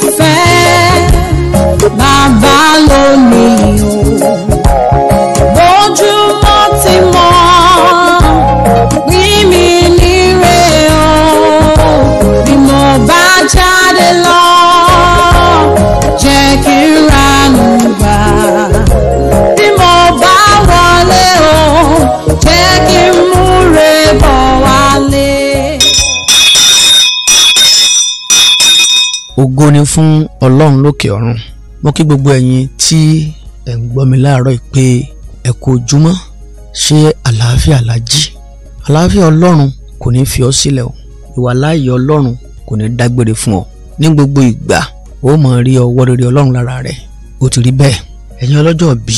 Dios ògo ni fún ọlọ́run lókè ọ̀run mo kí gbogbo ẹ̀yin tí ẹ̀ ń gbọ́ mi láàárọ̀ pé ẹ kú ojúmọ́ ṣé àlàáfíà la jí àlàáfíà ọlọ́run kò ní fi ọ́ sílẹ̀ o ìwà láàyè ọlọ́run kò ní dágbére fún ọ ní gbogbo ìgbà ó máa rí ọwọ́ rere ọlọ́run lára rẹ ó ti rí bẹ́ẹ̀ ẹ̀yin ọlọ́jọ́ bí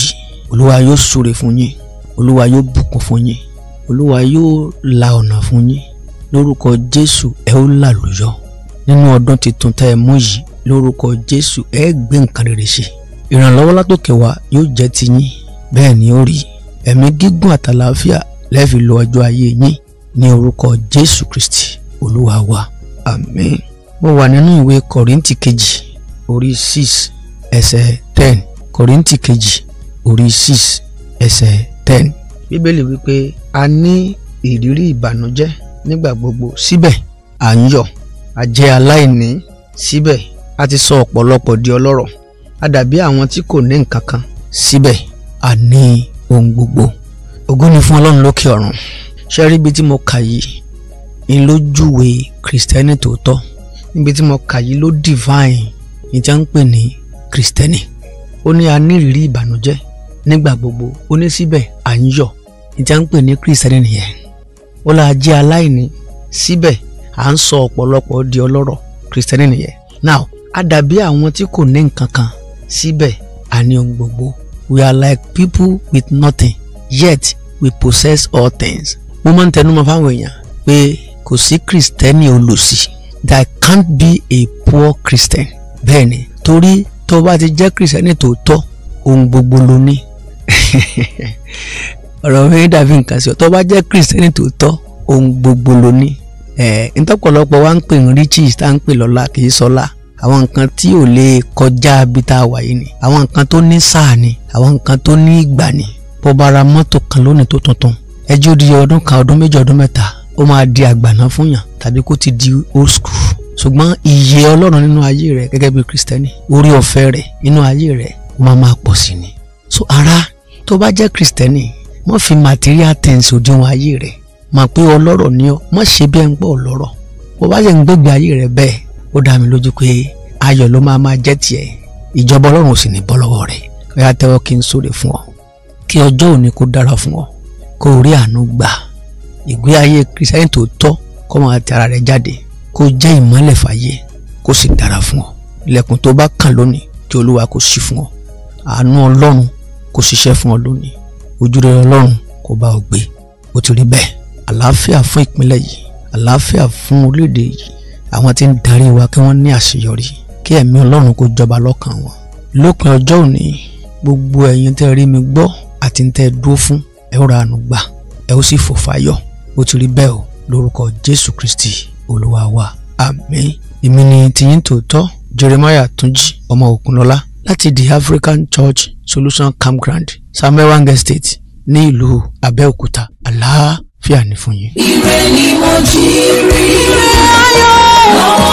olúwa yóò súre fún yín olúwa yóò bùkún fún yín olúwa yóò la ọ̀nà fún yín lórúkọ jésù ẹ ó là lùyọ́ nínú ọdún tuntun tá ẹ mú yìí lórúkọ jésù ẹ gbé nǹkan rere ṣe ìrànlọ́wọ́ látòkè wá yóò jẹ́ ti yín bẹ́ẹ̀ ni ó rí ẹ̀mí gígùn àtàlàáfíà lẹ́ẹ̀fi lo ọjọ́ ayé yín ní orúkọ jésù kristi olúwa wa àmín mo wà nínú ìwé kọ̀rìntì kejì orí six ẹsẹ̀ ten kọ̀rìntì kejì orí six ẹsẹ̀ ten bíbélì wípé a ní ìrírí ìbànújẹ́ nígbà gbogbo síbẹ̀ à ń yọ̀ a jẹ́ aláìní síbẹ̀ a ti sọ ọ̀pọ̀lọpọ̀ di ọlọ́rọ̀ a dàbí àwọn tí kò ní nǹkan kan síbẹ̀ a ní ohun gbogbo ògo ni fún ọlọ́run lókè ọ̀run ṣe rí ibi tí mo kà yìí ń ló júwe tòótọ́ níbi tí mo kà yìí ló divine ìjà ń pè ní kìrìsìtẹ́nì ó ní a ní ìrírí ìbànújẹ́ nígbà gbogbo ó ní síbẹ̀ à ń yọ̀ ìjà ń pè ní kìrìsìtẹ́nì nìyẹn ó là á aláìní síbẹ̀ à ń sọ ọ̀pọ̀lọpọ̀ di ọlọ́rọ̀ kìrìsìtẹ́nì nìyẹn now a dàbí àwọn tí kò ní nǹkan kan síbẹ̀ àní ohun gbogbo we are like people with nothing yet we possess all things mo máa ń tẹnumọ́ fáwọn èèyàn pé kò sí kìrìsìtẹ́nì olòṣì that can't be a poor christian bẹ́ẹ̀ ni torí tó bá ti jẹ́ kìrìsìtẹ́nì tòótọ́ ohun gbogbo ló ní ọ̀rọ̀ mi dàbí nǹkan sí ọ tó bá jẹ́ kìrìsìtẹ́nì tòótọ́ ohun gbogbo ló ní ntọ́pọ̀lọpọ̀ wa ń pè ń riches tá ń pè lọ́la kì í sọ́la àwọn nǹkan tí ò lè kọjá bí tá a wà yìí ni àwọn nǹkan tó ní sáà ni àwọn nǹkan tó ní ìgbà ni bó bá ra kan lónìí tó tuntun ẹjọ́ di ọdún kan ọdún méjì ọdún mẹ́ta ó máa di àgbàná fún yàn tàbí kó ti di old school ṣùgbọ́n iye ọlọ́run nínú ayé rẹ gẹ́gẹ́ bí kristẹni orí ọ̀fẹ́ rẹ nínú ayé rẹ máa máa pọ̀ sí ni so ara tó bá jẹ́ kristẹni wọ́n fi material things òdiwọ̀n ayé rẹ̀ mà pé ọlọ́rọ̀ ni ọ́ má ṣe bí ẹ ń pọ̀ ọlọ́rọ̀ bó bá yẹ ń gbégbé ayé rẹ bẹ́ẹ̀ ó dá mi lójú pé ayọ̀ ló máa máa jẹ́ tiẹ̀ ìjọba ọlọ́run ò sì ní bọ́ lọ́wọ́ rẹ̀ bóyá tẹ́wọ́ kí n sóre fún ọ kí ọjọ́ òní kó dára fún ọ kó rí àánú gbà ìgbé ayé kristiani tó tọ́ kó máa ti ara rẹ̀ jáde kó jẹ́ ìmọ́lẹ̀ fàyè kó sì dára fún ọ ilẹ̀kùn tó bá kàn lónìí tí olúwa kó ṣí fún ọ àánú ọlọ́run kó ṣiṣẹ́ fún ọ lónìí ojú ọlọ́run kó bá ọ gbé ó ti rí bẹ́ẹ̀ àlàáfíà fún ìpínlẹ̀ yìí àlàáfíà fún orílẹ̀-èdè yìí àwọn tí ń darí wa kí wọ́n ní àṣeyọrí kí ẹ̀mí ọlọ́run kó jọba lọ́kàn wọn. lópin ọjọ́ òní gbogbo ẹ̀yin tẹ́ rí mi gbọ́ àti tẹ́ dúró fún ẹ ó ra gbà ẹ ó sì fò fáyọ̀ ó ti rí bẹ́ẹ̀ o lórúkọ jésù kristi olúwa wa àmín èmi ni tiyín tòótọ́ jeremiah túnjí ọmọ òkunlọ́lá láti the african church solution campground samuel wange state ní ìlú abẹ́òkúta àlàá àlàáfíà ní fún yín. ire ni mo jí rí ire